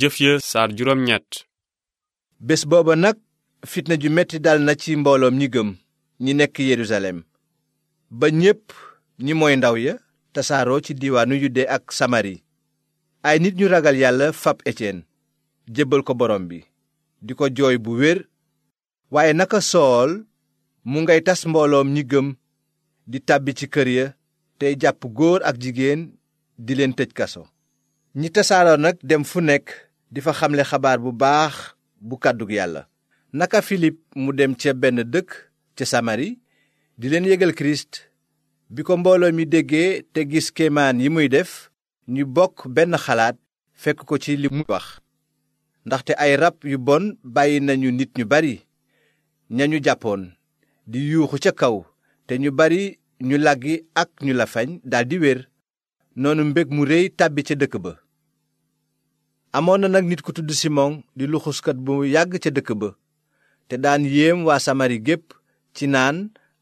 jëf ya saar bés booba nag fitna ju metti dal na ci mbooloom ñi gëm ñi nekk yerusalem ba ñépp ñi mooy ndaw ya tasaaroo ci diiwaanu yude ak samari ay nit ñu ragal yàlla fab etiyen jébbal ko borom bi di ko jooy bu wér waaye naka sool mu ngay tas mbooloom ñi gëm di tàbbi ci kër ya tey jàpp góor ak jigéen di leen tëj kaso ñi tasaaroo nag dem fu nekk di fa xamle xabaar bu baax bu kàddu yàlla naka filip mu dem ca benn dëkk ca samari di leen yégal kirist bi ko mbooloo mi déggee te gis kéemaan yi muy def ñu bokk benn xalaat fekk ko ci li muy wax ndaxte ay rab yu bon bàyyi nañu nit ñu bari ñañu jàppoon di yuuxu ca kaw te ñu bari ñu laggi ak ñu la fañ daldi wér noonu mbég mu réy tàbbi ca dëkk ba amoon na nag nit ku tudd Simon di luxuskat bu yàgg ca dëkk ba te daan yéem waa Samari gépp ci naan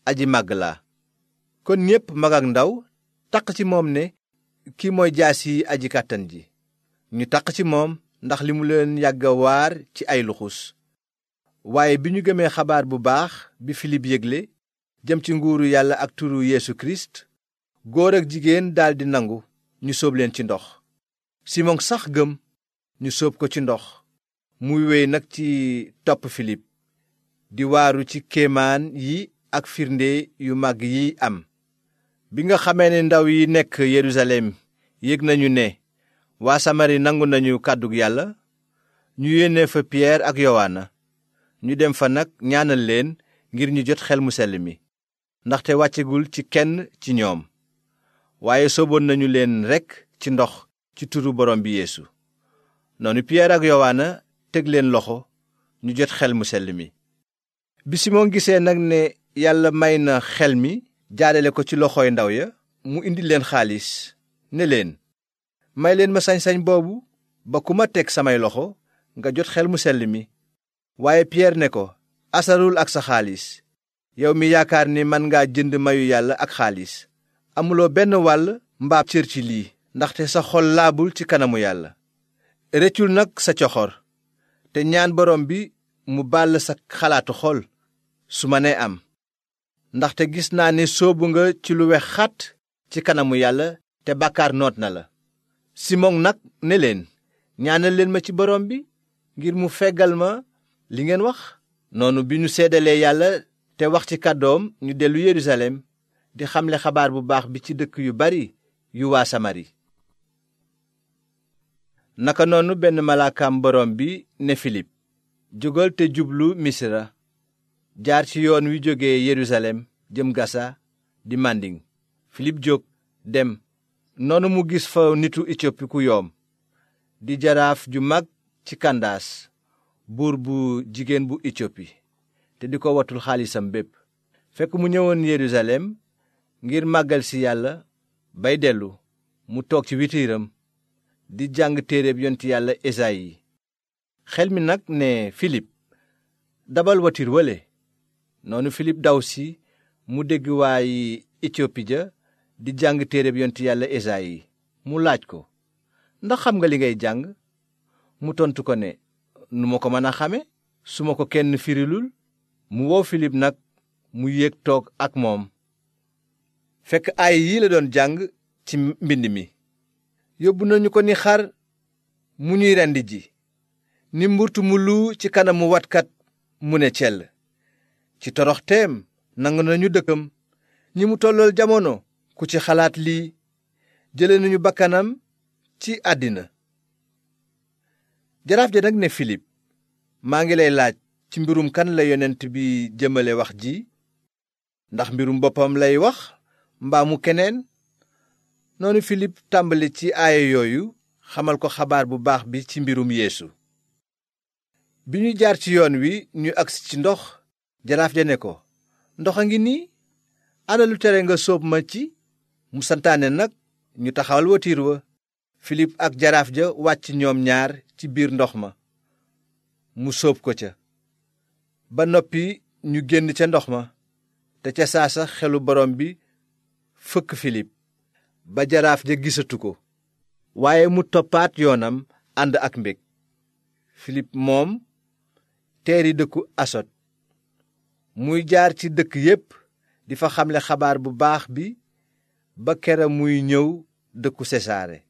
aji màgg la kon ñépp mag ak ndaw taq ci moom ne ki mooy jaasi aji kàttan ji ñu taq ci moom ndax li mu leen yàgg a waar ci ay luxus waaye bi ñu gëmee xabaar bu baax bi Filip yégle jëm ci nguuru yàlla ak turu yéesu Kirist góor ak jigéen daldi nangu ñu sóob leen ci ndox Simon sax gëm ñu soob ko ci ndox muy wéy nag ci topp filip di waaru ci kéemaan yi ak firnde yu màgg yi am bi nga xamee ne ndaw yi nekk yerusalem yéeg nañu ne waa samari nangu nañu kàddu yàlla ñu yéene fa piyeer ak yowaana ñu dem fa nag ñaanal leen ngir ñu jot xel mu sell mi ndaxte wàccegul ci kenn ci ñoom waaye sóoboon nañu leen rekk ci ndox ci turu borom bi yéesu noonu piyeer ak yowaana teg leen loxo ñu jot xel mu sell mi bi simon gisee nag ne yàlla may na xel mi jaadale ko ci loxooy ndaw ya mu indi leen xaalis ne leen may leen ma sañ-sañ boobu ba ku ma teg samay loxo nga jot xel mu sell mi waaye piyeer ne ko asarul ak sa xaalis yow mi yaakaar ni man ngaa jënd mayu yàlla ak xaalis amuloo benn wàll mbaab cër ci lii ndaxte sa xol laabul ci kanamu yàlla rëccul nag sa coxor te ñaan borom bi mu bàll sa xalaatu xool su ma nee am ndaxte gis naa ne sóobu nga ci lu wex xat ci kanamu yàlla te bàkkaar noot na la simon nag ne leen ñaanal leen ma ci borom bi ngir mu feggal ma li ngeen wax noonu bi ñu seedalee yàlla te wax ci kàddoom ñu dellu yerusalem di xamle xabaar bu baax bi ci dëkk yu bari yu waa samari naka noonu benn malaakaam borom bi ne filip jógal te jublu misira jaar ci yoon wi jóge yerusalem jëm gasa di mànding filip jóg dem noonu mu gis fa nitu etiopi ku yoom di jaraaf ju mag ci kandaas buur bu jigéen bu etiopi te di ko watul xaalisam bépp fekk mu ñëwoon yerusalem ngir màggal si yàlla bay dellu mu toog ci witiiram di jàng téereb yonti yàlla esayi xel mi nag ne filip dabal watir wale noonu filip daw si mu dégg waayi etiopi ja di jàng téereb yonti yàlla yi mu laaj ko ndax xam nga li ngay jàng mu tontu ko ne nu ma ko mën a xame suma ko kenn firilul mu woo filip nag mu yéeg toog ak moom fekk aay yi la doon jàng ci mbind mi yóbbu nañu ko ni xar mu ñuy rend ji ni mburtu mu luu ci kanamu watkat mu ne cell ci toroxteem nangu nañu dëkkam ñi mu tollool jamono ku ci xalaat lii jële nañu bakkanam ci àddina jaraaf ja nag ne filip maa ngi lay laaj ci mbirum kan la yonent bi jëmale wax ji ndax mbirum boppam lay wax mbaa mu keneen noonu filip tàmbali ci aaya yooyu xamal ko xabaar bu baax bi ci mbirum yeesu bi ñu jaar ci yoon wi ñu agsi ci ndox jaraaf ja ne ko ndox a ngi nii ana lu tere nga soob ma ci mu santaane nag ñu taxawal watiir wa filip ak jaraaf ja wàcc ñoom ñaar ci biir ndox ma mu soob ko ca ba noppi ñu génn ca ndox ma te ca saasa xelu borom bi fëkk filip ba jaraaf ja gisatu ko waaye mu toppaat yoonam ànd ak mbég filip moom teeri dëkku asot muy jaar ci dëkk yépp di fa xamle xabaar bu baax bi ba kera muy ñëw dëkku sesaare